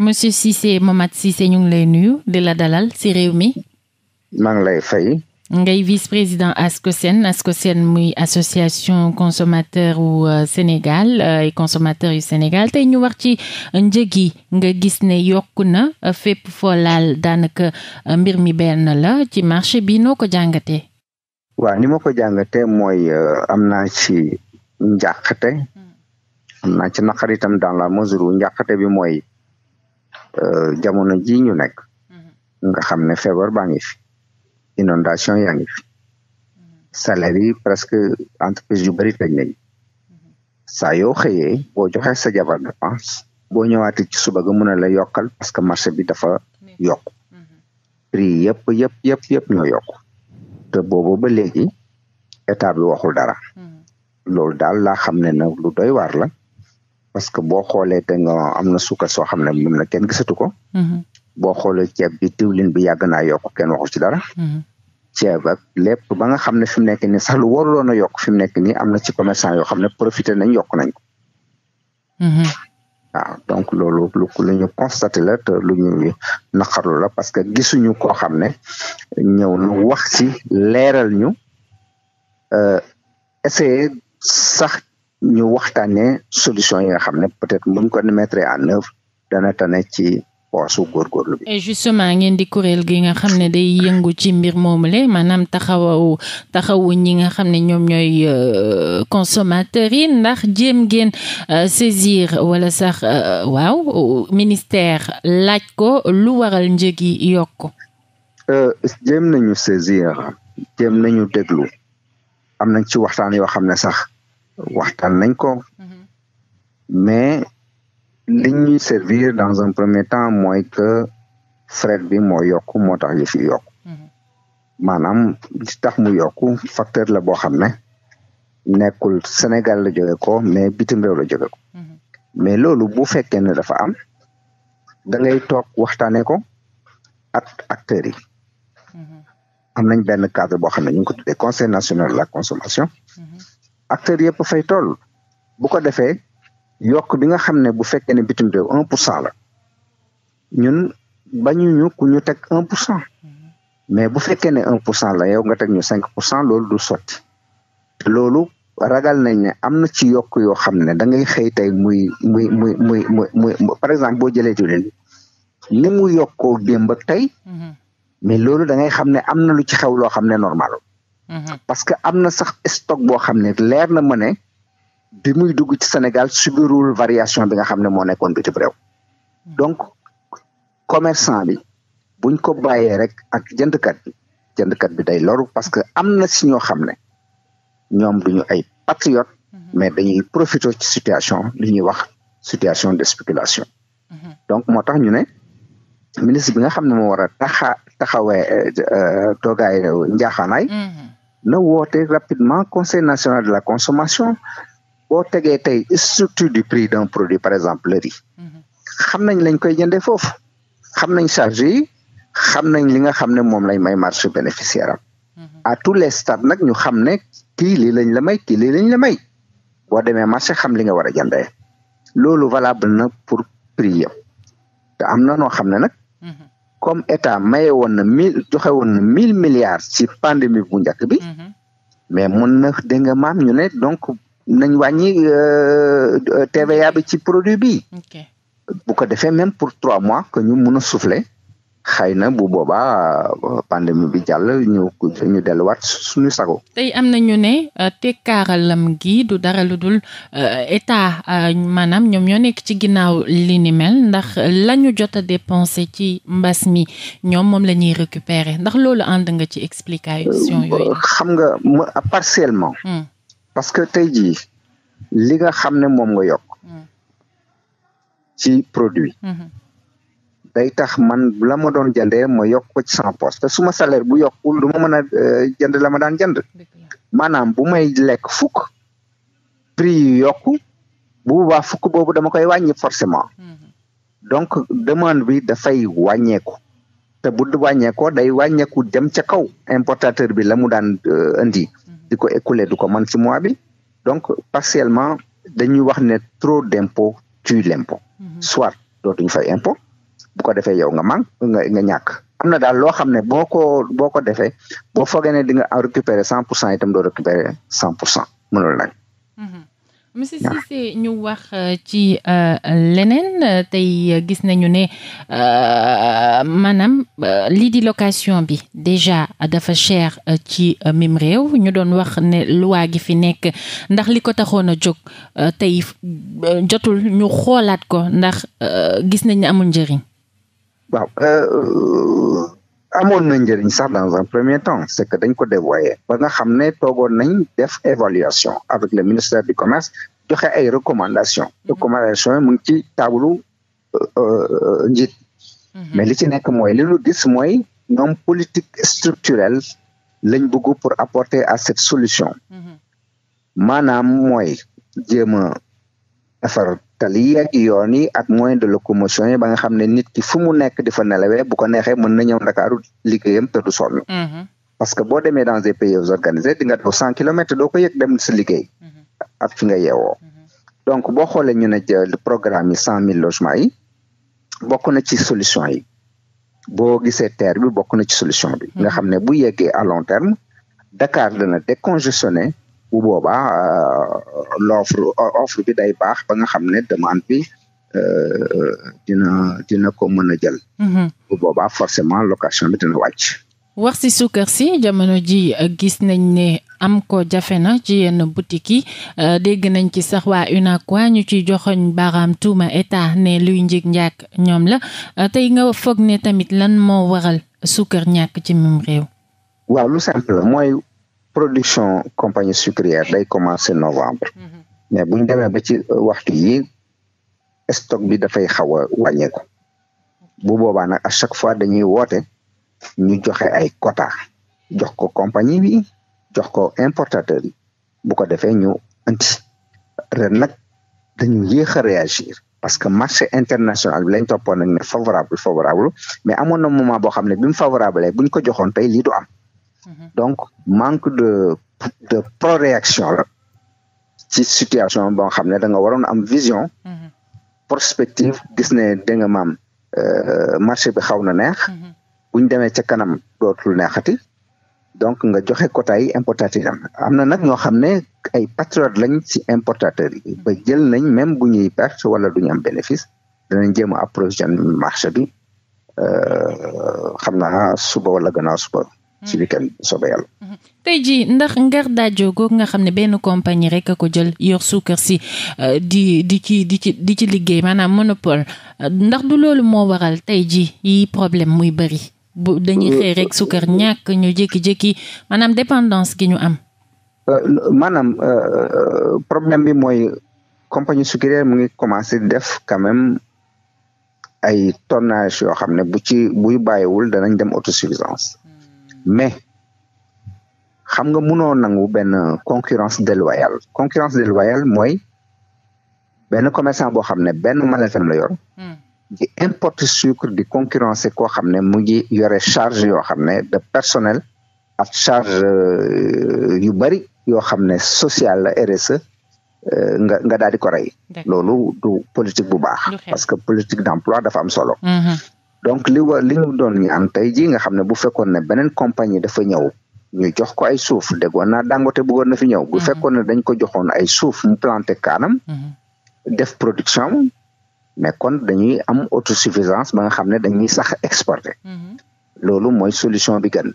monsieur Cissé Momath Cissé ñu ngi lay nuyu di la dalal si réew mi. maa ngi lay fay. ngay vice-président ASCOSEN ASCOSEN muy association consommateur wu euh, Sénégal euh, et consommateur yu Sénégal tey ñu wax ci njëg yi nga gis ne yokku na euh, fépp foo laal daanaka mbir mi benn la ci marché bi noo ko jàngatee. waaw ni ma ko jàngatee mooy am naa ci njàqate hmm. am naa ci naqaritam la mesure où njàqate bi mooy Euh, jamono jii ñu nekk mhm. nga xam ne feebar baa ngi fi inondation yaa ngi mhm. presque entreprise yu bëri tëj mhm. saa yoo xëyee boo joxee sa jabar boo ñëwaatee ci suba ga mën a la yokkal parce que marché bi dafa yokk prix yëpp yëpp yëpp yëpp ñoo yokk te boobu ba léegi état bi waxul dara loolu daal laa xam ne na lu doy la parce que boo xoolee da am na suukar soo xam ne moom la kenn gisatu ko. Mm-hmm. boo xoolee ceeb bi diwlin bi yàgg naa yokk kenn waxu ci dara. Mm-hmm. ceeb ak lépp ba nga xam ne fi mu nekk nii sax lu waruloon a yokk fi mu nekk nii am na ci commerçant yoo xam ne profité nañ yokk nañ ko. Mm-hmm. waaw donc loolu lu lu ñu constaté la lu ñu naqarlu la parce que gisuñu koo xam ne ñëw na wax ci leeral ñu euh, essayer sax ñu waxtaane solution yi nga xam ne peut-être buñ ko mettre en œuvre dana tane ci poosu justement ngeen di kuréel gi nga xam ne day yëngu ci mbir moomule maanaam taxawu taxawu ñi nga xam ne ñoom ñooy euh, consommateurs yi ndax jéem ngeen euh, saisir wala sax euh, waaw ministère laaj ko lu waral njëg yi yokk. jëm nañu saisir jéem nañu déglu am nañ ci waxtaan yoo xam ne sax. waxtaan nañ ko. Mhm. mais li ñuy servir dans un premier temps mooy que fret bi mooy yokk moo tax yu fi yokk. Mhm. maanaam tax mu yokk facteur la boo xam ne nekkul Sénégal la jóge ko mais bitim réew la jóge ko. Mhm. mais loolu bu fekkee ne dafa am da ngay toog waxtaanee ko ak acteurs yi. am nañ benn cadre boo xam ne ñu ngi conseil national la consommation. acteurs yëpp fay toll bu ko defee yokk bi nga xam ne bu fekkee ne bitim réew un pour cent la ñun bañuñu ku ñu teg un pour cent mais bu fekkee ne un pour cent la yow nga teg ñu cinq pour cent loolu du sotti loolu ragal nañ ne am na ci yokk yoo xam ne da ngay xëy tey muy muy muy muy muy par exemple boo jëlee diwlin ni mu yokko démb ak tey mm-hmm. mais loolu da ngay xam ne am na lu ci xew loo xam ne normal Mm-hmm. parce que am na sax stock boo xam ne leer na ma ne bi muy dugg ci Sénégal subirul variation bi nga xam ne moo nekkoon bitim réew mm-hmm. donc commerçant bi buñ ko bàyyee rek ak jëndkat bi jëndkat bi day loru parce que am na si ñoo xam ne ñoom duñu ay patriote mm-hmm. mais dañuy profiter ci situation li ñuy wax situation de spéculation donc moo tax ñu ne ministre bi nga xam ne moo war a taxa taxawee euh, euh, toogaay njaaxaanaay na te rapidement conseil national de la consommation boo tegee tey structure du prix d'un produit par exemple le riz mm-hmm. xam nañ lañ koy jëndee foofu xam nañ charge yi xam nañ li nga xam ne moom lañ may marché bénéficiaire mm-hmm. à tous les stades nag ñu xam ne kii lii lañ la may kii lii lañ la may boo demee marché xam li nga war a jëndee loolu valable na pour prix yëpp te am na noo xam ne nag mm-hmm. comme état maye woon na mille joxe woon mille milliards ci pandémie bu njëkk bi mhm. mais mun na dégg nga maam ñu donc nañ wàññi euh, TVA bi ci produit bi bu ko defee même pour trois mois que ñu mun a xëy na bu boobaa euh, pandémie bi jàll ñu ñu delluwaat suñu sago. tey am na ñu ne euh, tekkaaralam gi du dara lu dul euh, état maanaam ñoom ñoo nekk ci ginnaaw li ndax la ñu jot a dépensé ci mbas mi ñoom moom la ñuy récupérer ndax loolu ànd nga ci explication yooyu. xam nga partiellement. Hmm. parce que tey jii li nga xam ne moom nga yokk. Hmm. ci produit. Hmm. day tax man la ma doon jëndee ma yokk ko ci sama poste te suma salaire bu yokkul du ma mën a euh, jënd la ma daan jënd maanaam bu may lekk fukk prix yu yokku bu boobaa fukk boobu dama koy wàññi forcément mm-hmm. donc demande bi dafay wàññeeku te bu wàññeekoo day wàññeeku dem ca kaw importateur bi la mu daan euh, indi mm-hmm. di ko écouler du ko man ci mois bi donc partiellement dañuy wax ne trop d'impôt tue l'impôt mm-hmm. soit dootuñu fay impôt bu ko defee yow nga man nga ñàkk am na daal loo xam ne boo ko boo ko defee boo foogee ne di nga récupérer cent doo récupérer cent pour mënul nag mhm. monsieur Cissé ñu wax euh, ci euh, leneen tey gis nañu ne euh, maanaam lii di location bi déjà dafa cher ci mim réew ñu doon wax ne loi gi fi nekk ndax li ko taxoon a jóg tey jotul ñu xoolaat ko ndax gis nañ ni amul njëriñ waaw euh, amoon na njëriñ sax dans un premier temps c'est que dañ ko dévoyé ba nga xam ne toogoon nañ def évaluation avec le ministère du commerce joxe ay recommandation mm-hmm. recommandations yi mu ngi ci tableau euh, euh, mm-hmm. mais li ci nekk mooy li ñu gis mooy ñoom politique structurelle lañ bëgg pour apporter à cette solution mm-hmm. maanaam mooy jéem a tali yeeg yoon yi ak moyen de locomotion yi ba nga xam ne nit ki fu mu nekk di fa nelawee bu ko neexee mën na ñëw ndakaaru liggéeyam te du sonn mhm. parce que boo demee dans des pays organisés di nga cent kilomètres doo ko yëg dem sa liggéey mhm. ak fi nga yeewoo mhm. donc boo xoolee ñu ne programme yi cent mille logements yi bokk na ci solution yi boo gisee terre bi bokk na ci solution bi nga xam ne bu yeggee à long terme Dakar dana décongestionné bu boobaa euh, l'offre offre bi day baax ba nga xam ne demande bi euh, dina dina ko mën a jël mm-hmm. bu boobaa forcément location bi dina wàcc wax si suukar si jamono ji euh, gis nañ ne am ko jafe na ci yenn boutique yi dégg nañ ci sax waa UNACOIS ñu ci joxoñ baaraam tuuma état ne luy njig njaak ñoom la tey nga foog ne tamit lan moo waral suukar ñàkk ci mim réew waaw lu simple mooy production compagnie sucrière day commencé novembre mais bu ñu demee ba ci waxtu yi stock bi dafay xaw a wàññeeku bu boobaa nag à chaque fois dañuy woote ñu joxe ay quota jox ko compagnie bi jox ko importateur yi bu ko defee ñu anti ren nag dañu yéex a réagir parce que marché international bi lañ ne favorable favorable mais amoon na moment boo xam ne bi mu favorable buñ ko joxoon tey lii am Mm-hmm. donc manque de de proréaction la ci situation boo xam ne da nga waroon am vision mm-hmm. perspective gis ne da nga maam euh, marché bi xaw na neex mm-hmm. buñ demee ca kanam dootul neexati donc nga joxe quota yi importateur am na nag ñoo xam ne ay patriote lañ ci importateur yi ba jël nañ même bu ñuy perte wala du am bénéfice danañ jéem a approvisionner marché bi euh, xam naa suba wala gannaaw suba ci week-end mhm. tey jii ndax ngar daajoo googu nga xam ne benn compagnie rek a ko jël yor suukar si euh, di di ci di ci di ci liggéey maanaam monopole euh, ndax du loolu moo waral tey jii yi problème muy bëri. bu dañuy rek suukar ñàkk ñu jékki-jékki maanaam dépendance gi ñu am. Euh, maanaam problème bi mooy compagnie sucrière mu ngi commencé def quand ay tonnage yoo xam ne bu ci buy bàyyiwul danañ dem autosuffisance. mais xam nga mënoo nangu benn concurrence déloyale concurrence déloyale mooy benn commerçant boo xam ne benn magasin la yor hmm. di importe sucre di concurrencer koo xam ne mu ngi yore charge yoo xam ne de personnel ak charge euh, yu bari yoo xam ne social la RSE euh, nga nga daal di ko rey du politique bu baax parce que politique d'emploi dafa am solo hmm, hmm. donc li wa li ñu doon ñu am tey jii nga xam ne bu fekkoon ne beneen compagnie dafa ñëw ñu jox ko ay suuf déggoon naa Dangote bëggoon na fi ñëw bu mhm. fekkoon ne dañ ko joxoon ay suuf mu planté kaanam mhm. def production mais kon dañuy am auto suffisance ba nga xam ne dañuy sax exporter mhm. loolu mooy solution bi gën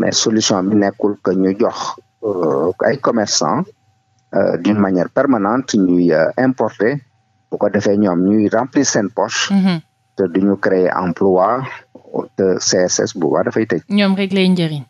mais solution bi nekkul que ñu jox euh, ay commerçant euh, d'une manière permanente ñuy euh, importer bu ko defee ñoom ñuy remplir seen poche te du ñu créer emploi te CSS bu baax dafay tëj. ñoom rek lay njëriñ.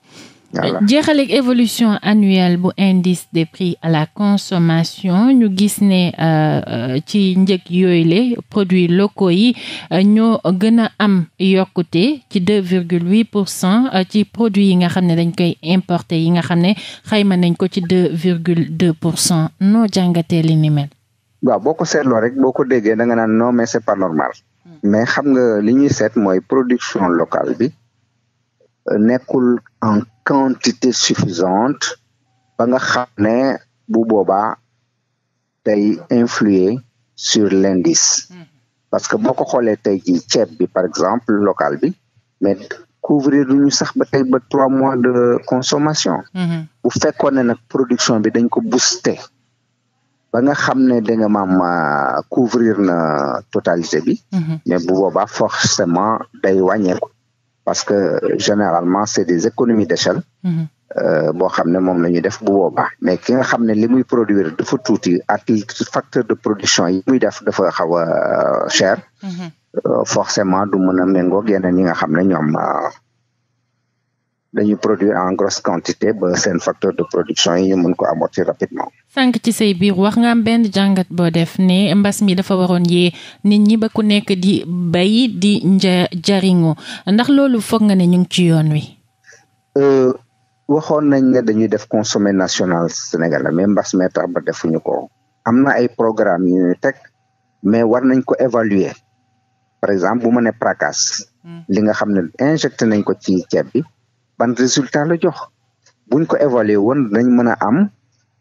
évolution annuelle bu indice des prix à la consommation ñu gis ne euh, euh, ci njëg yooyu la produits locaux yi euh, ñoo gën a am yokkute ci deux virgule huit cent ci produits yi nga xam ne dañ koy importer yi nga xam ne xayma nañ ko ci deux virgule deux pour cent noo jàngatee li ni mel. waaw boo ko seetloo rek boo ko déggee da nga naan non mais c'est pas normal. Mm. mais xam nga li ñuy seet mooy production locale bi euh, nekkul en quantité suffisante ba nga xam ne bu boobaa day influer sur l'indice mm. parce que boo ko xoolee tey ci ceeb bi par exemple locale bi mais couvrir lu ñu sax ba tey ba trois mois de consommation mm-hmm. bu fekkoon nag production bi dañ ko buste ba nga xam ne da nga maam couvrir na totalité bi mhm. mais bu boobaa forcément day wàññeeku parce que généralement c'est des économies d'échelle mhm. euh, boo xam ne mom la ñu def bu boobaa mais ki nga xam ne li muy produire dafa tuuti ak facteur de production yi muy def dafa xaw a euh, cher mhm. euh, forcément du mën a nga xam ne ñoom dañuy produire en grosse quantité ba seen facteur de production yi ñu mën ko amortir rapidement. sànq ci say biir wax nga am benn jàngat boo def ne mbas mi dafa waroon yee nit ñi ba ku nekk di bay di nja jariñu ndax loolu foog nga ne ñu ngi ci yoon wi. Euh, waxoon nañ ne dañuy def consommé national sénégalais mais mbas mee tax ba defuñu ko am na ay programme yu ñu teg mais war nañ ko évaluer par exemple bu ma ne PRACAS. Hmm. li nga xam ne injecté nañ ko ci ceeb bi. ban résultat la jox buñ ko évaluer woon dañ mën a am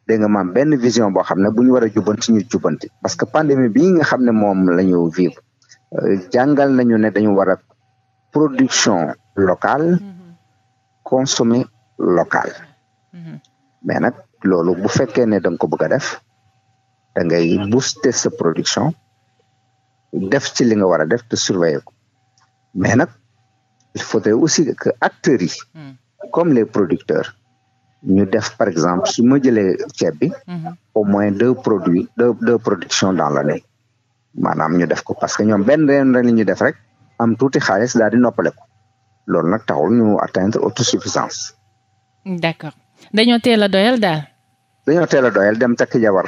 dégg nga maam benn vision boo xam ne bu ñu war a jubanti ñu jubanti parce que pandemi bii nga xam ne moom la ñu vivre euh, jàngal nañu ne dañu war a production locale mm-hmm. consommer local mm-hmm. mais nag loolu bu fekkee ne da ko bëgg a def da ngay booster sa production def ci li nga war a def te surveiller ko il faudrait aussi que acteurs yi hmm. comme les producteurs ñu def par exemple su ma jëlee ceeb bi hmm. au moins deux produits deux deux productions la l'année maanaam ñu def ko parce que ñoom benn reen ren la ñu def rek am tuuti xaalis daal di noppale ko loolu nag taxul ñu atteindre autosuffisance d'accord dañoo teel a doyal daal dañoo teel a doyal dem takk jabar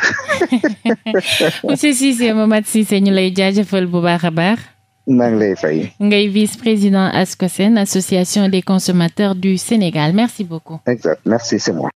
monsieur Cissé Momath Cissé ñu lay jaajëfal bu baax a baax maa ngi lay fay. ngay vice président ASCOSEN association des consommateurs du Sénégal merci beaucoup. exact merci c'est moi.